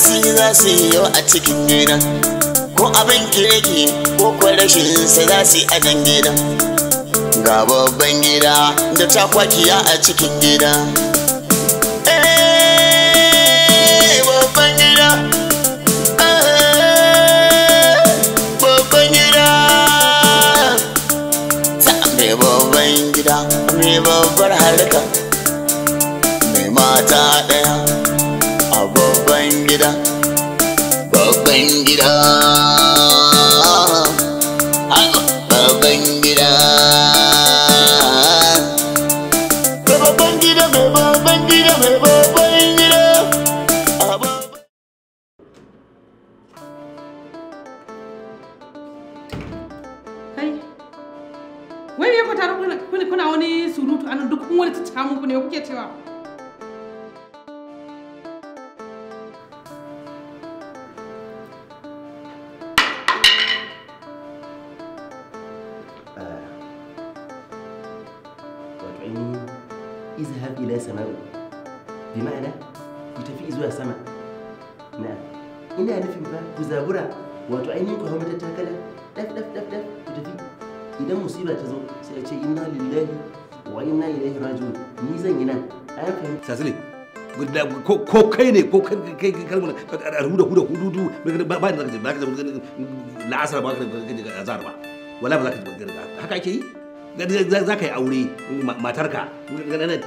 su yi za su yi yau a cikin gidan ko abin kirki ko kwarashin rashin za su yi a nan gidan ga babban gida da takwakiya a cikin gida eh, babban eh, babbar harka mai mata ɗaya ta muku ne kuke cewa izhab ma'ana sama na ina nufin fa ku zabura wato ku hau matattakala daf daf idan musiba ta sai a ce wa inna ilaihi raji'un ni zan yi nan an fahimta sazile ko kai ne ko kai kai kalmar huda huda hududu ba ba ka ba ka ba wala ba ka haka ake yi za ka yi aure matarka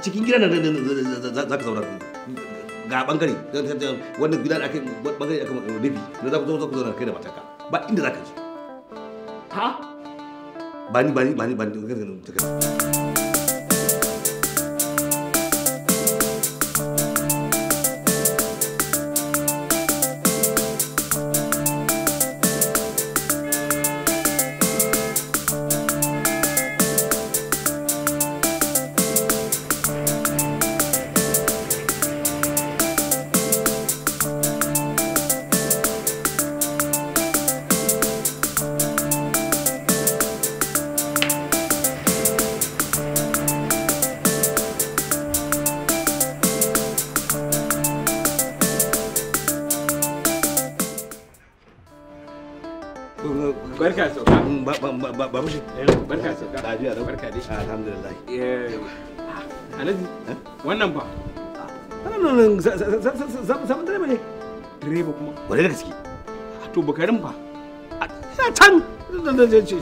cikin gidan nan za ka zauna ga bangare wannan gidan aka bangare rufi na za ku zo ku kai da matarka ba inda za ka je ha ba ni ba ni ba ni ba ni barka sauka ba mushi barka sauka lafiya da barka dai alhamdulillah alhaji wannan ba wannan nan zaman direba ne direba kuma wani da gaske to bukarin ba a can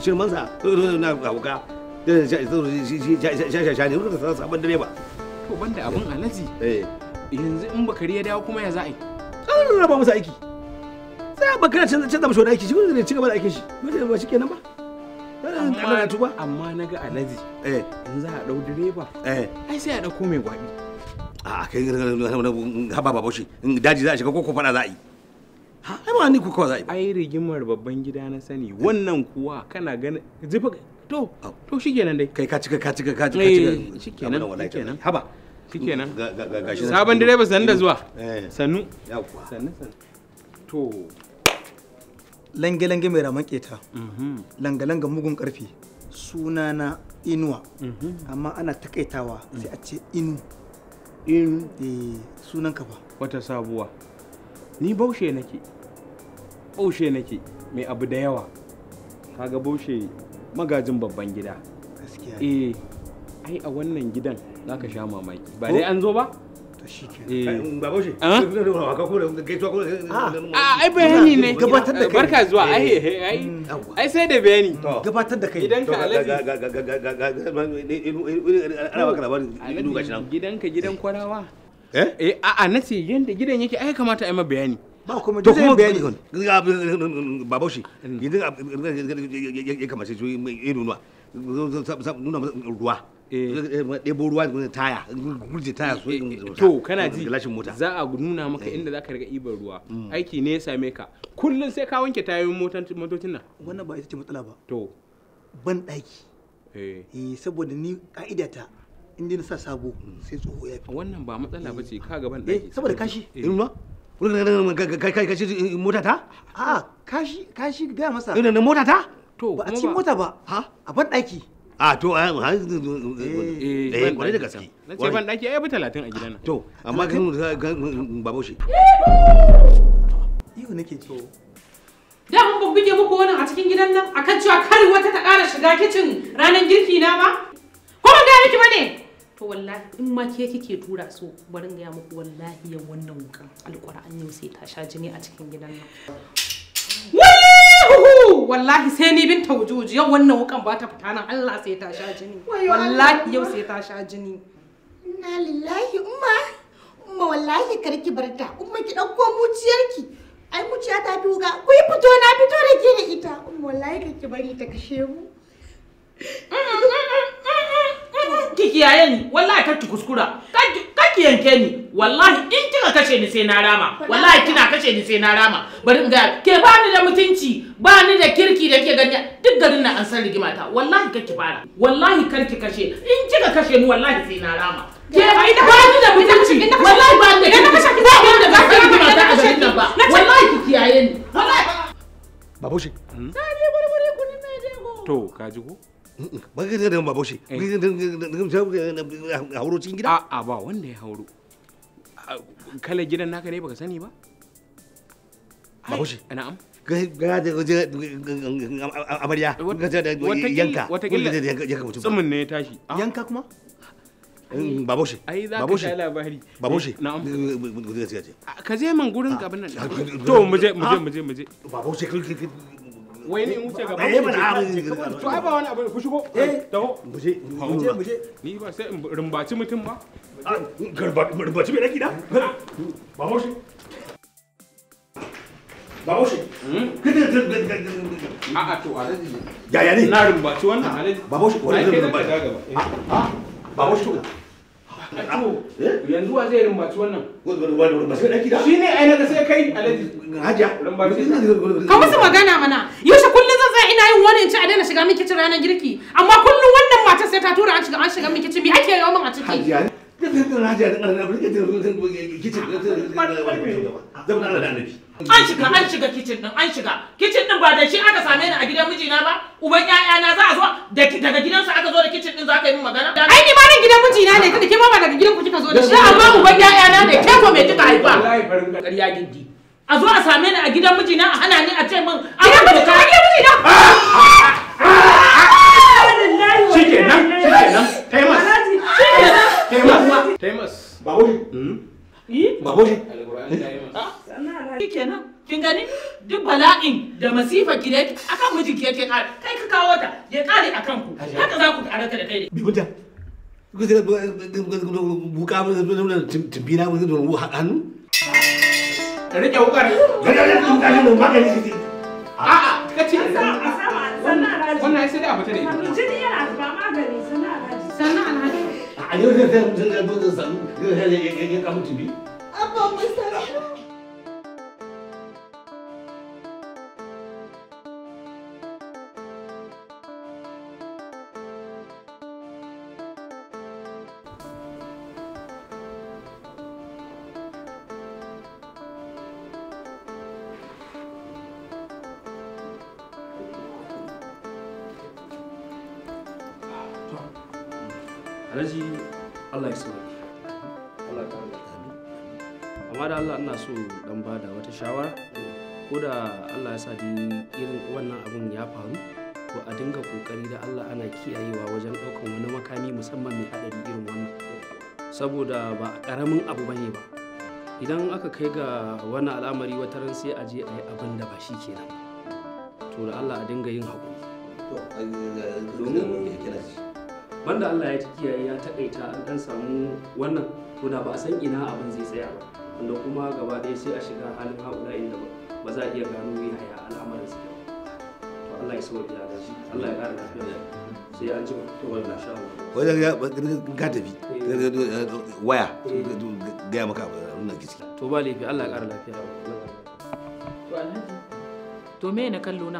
shirmansa na hauka da shashasha ne wurin da sabon direba to banda abin alhaji yanzu in bakari ya dawo kuma ya za a yi an raba masa aiki sai ba kana canza canza mashi aiki shi ne ci gaba da aikin shi ba shi kenan ba amma na ga alaji eh. in za a dau direba eh. ai sai a dauko mai gwabi a kai haba shi daji za a shiga ko fada za a yi ha ai ni ku za a yi ai rigimar babban gida na sani wannan kuwa kana ganin zufa to to shikenan dai kai ka cika ka cika ka cika eh, shikenan shikenan haba shikenan sabon direba sanin da zuwa sannu sannu sannu to lange-lange mai raman keta mhm. langa-langa mugun karfi suna inuwa mhm. amma ana takaitawa mm. sai a ce inu inu eh, sunan ka ba wata sabuwa ni baushe nake baushe nake mai abu da yawa kaga baushe magajin babban gida gaskiya eh ai a wannan gidan zaka sha mamaki ba dai an zo ba ai bayani ne gabatar da kai barka zuwa ai ai sai da bayani gabatar da kai gidanka alaji gidanka gidan kwarawa eh a nace yanda gidan yake ai kamata ai ma bayani ba kuma duk zai bayani babaushe yanzu ya kamace su yi nuna ruwa ɗebo ruwa da taya gurje taya so to kana ji za a nuna maka inda za ka riga ibar ruwa aiki ne ya same ka kullun sai ka wanke tayoyin motocin nan wannan ba ita ce matsala ba to ban ɗaki eh saboda ni ka'ida ta inda na sa sabo sai tsoho ya fi wannan ba matsala ba ce ka gaban ɗaki saboda kashi in ma kashi mota ta a kashi kashi ga masa na mota ta to ba a cikin mota ba a ban ɗaki a to a eh, eh, eh kwarai da gaske na ce ban daki yi bi latin a gidan nan to amma kan babaushe iyo nake to da mun bubbuge muku wannan a cikin gidan nan akan cewa kari wata ta ƙara shiga kicin ranar girki na ma ko ban ga miki bane to wallahi in ma ke kike tura so bari ga muku wallahi yan wannan wukan an yau sai ta sha jini a cikin gidan nan Uhu wallahi sai ni bin taujuji yau wannan wukan ba ta fita nan Allah sai ta sha jini. Wallahi yau sai ta sha jini. Inna lillahi umma umma wallahi karki barta umma ki dauko muciyarki ai muciya ta duga ku yi fito na fito da ke da ita umma wallahi karki bari ta kashe mu. Mm, mm, mm, ki kiyaye ni wallahi kar ki kuskura kar ki yanke ni wallahi in kika kashe ni sai na rama wallahi kina kashe ni sai na rama bari in ga ke ba ni da mutunci ba ni da kirki da ke gani duk garin na an san rigima wallahi kar ki fara wallahi kar ki kashe in kika kashe ni wallahi sai na rama ke ba ni da mutunci wallahi ba ni da kirki ba ni da ba ta a ba wallahi ki kiyaye ni wallahi babushi me to ka ji ko ba ka da babaushe hauro cikin gida a'a ba wanda ya hauro kalar gidan naka ne baka sani ba babaushe na'am ga da amarya yanka tsumin ne ya tashi yanka kuma baboshe baboshe labari baboshe na'am ka je man gurin gaban nan to mu je mu je mu je kai. wai ne wuce gaba ne ban abin ne to ai ba wani abu ku shigo eh taho muje muje muje ni ba sai in rumbaci mutum ba ah, rumbaci mai daki da ba hoshi ba hoshi a a to alaji ya ya ne na rumbaci wannan alaji ba hoshi wannan rumbaci ah, ah, ba hoshi Eh? yanzu wa zai musu magana mana yaushe kullum zan tsaya ina yin wani in ci a daina shiga min kicin ranar girki amma kullum wannan matar sai ta tura an shiga an shiga min kicin me ake a ciki kicin An shiga an shiga kicin ɗin an shiga kicin ba da shi aka same ni a gidan mijina ba uban ƴaƴana za a zo daga gidansa aka zo da kicin ɗin za ka yi min magana. Ai ni ma nan gidan mijina ne tunda ke ma ba daga gidan ku kika zo da shi amma uban ƴaƴana ne ke ko me kika haifa. Ƙarya gindi. A zo a same ni a gidan mijina a hana ni a ce min an da masifa ki dai akan mijin ki yake kare kai ka kawo ta ya kare akan ku haka za ku arata da kai ne bibuta buka tumbina hannu ka rike wukar ka rike wukar ne magani a'a kace wannan sai da abu ta ne jini yana ba magani sannan alhaji sannan alhaji a yau zai zai zai zai zai zai zai zai zai zai zai zai zai zai zai zai zai zai zai alhaji allah ya sauke allah amma da allah ina so dan bada wata shawara ko da allah ya sa irin wannan abun ya faru ko a dinga kokari da allah ana kiyayewa wajen ɗaukan wani makami musamman mai haɗari irin wannan saboda ba ƙaramin abu bane ba idan aka kai ga wani al'amari wata ran sai a je a yi abin da ba shi kenan to da allah a dinga yin haƙuri domin banda Allah ya kiyaye ya takaita an dan samu wannan to da ba a san ina abin zai tsaya ba wanda kuma gaba ɗaya sai a shiga halin haula inda ba za a iya gano yaya al'amarin su to Allah ya so ya shi Allah ya kare lafiya sai an ji to wannan shawo wajen ga tafi eh. waya eh. gaya maka abin nan ke to ba laifi Allah ya kare lafiya to alhaji to me na kallo na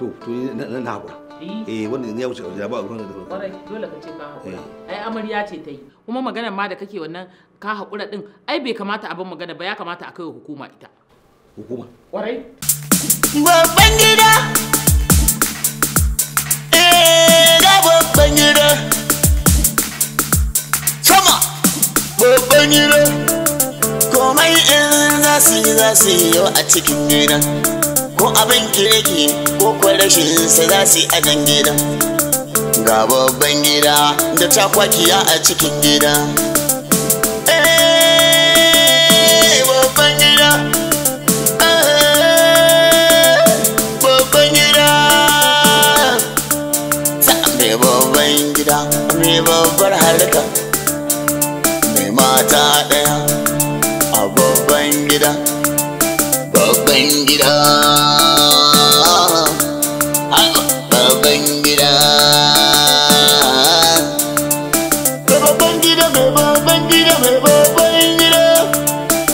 to to na na na hakura eh wanda ya wuce ya ba ruwan da kwarai dole ka ce ka hakura ai amarya ce ta yi kuma maganar ma da kake wannan ka hakura din ai bai kamata abin magana ba ya kamata a kai hukuma ita hukuma kwarai babban gida eh ga babban gida sama babban gida komai in za su yi za su yi yau a cikin gidan ko abin kirki ko kwa rashin sa za su yi a nan gida ga babban gida da takwakiya a cikin gida eh, babban gida eh, babban gida babbar harka mai mata ɗaya bayan gida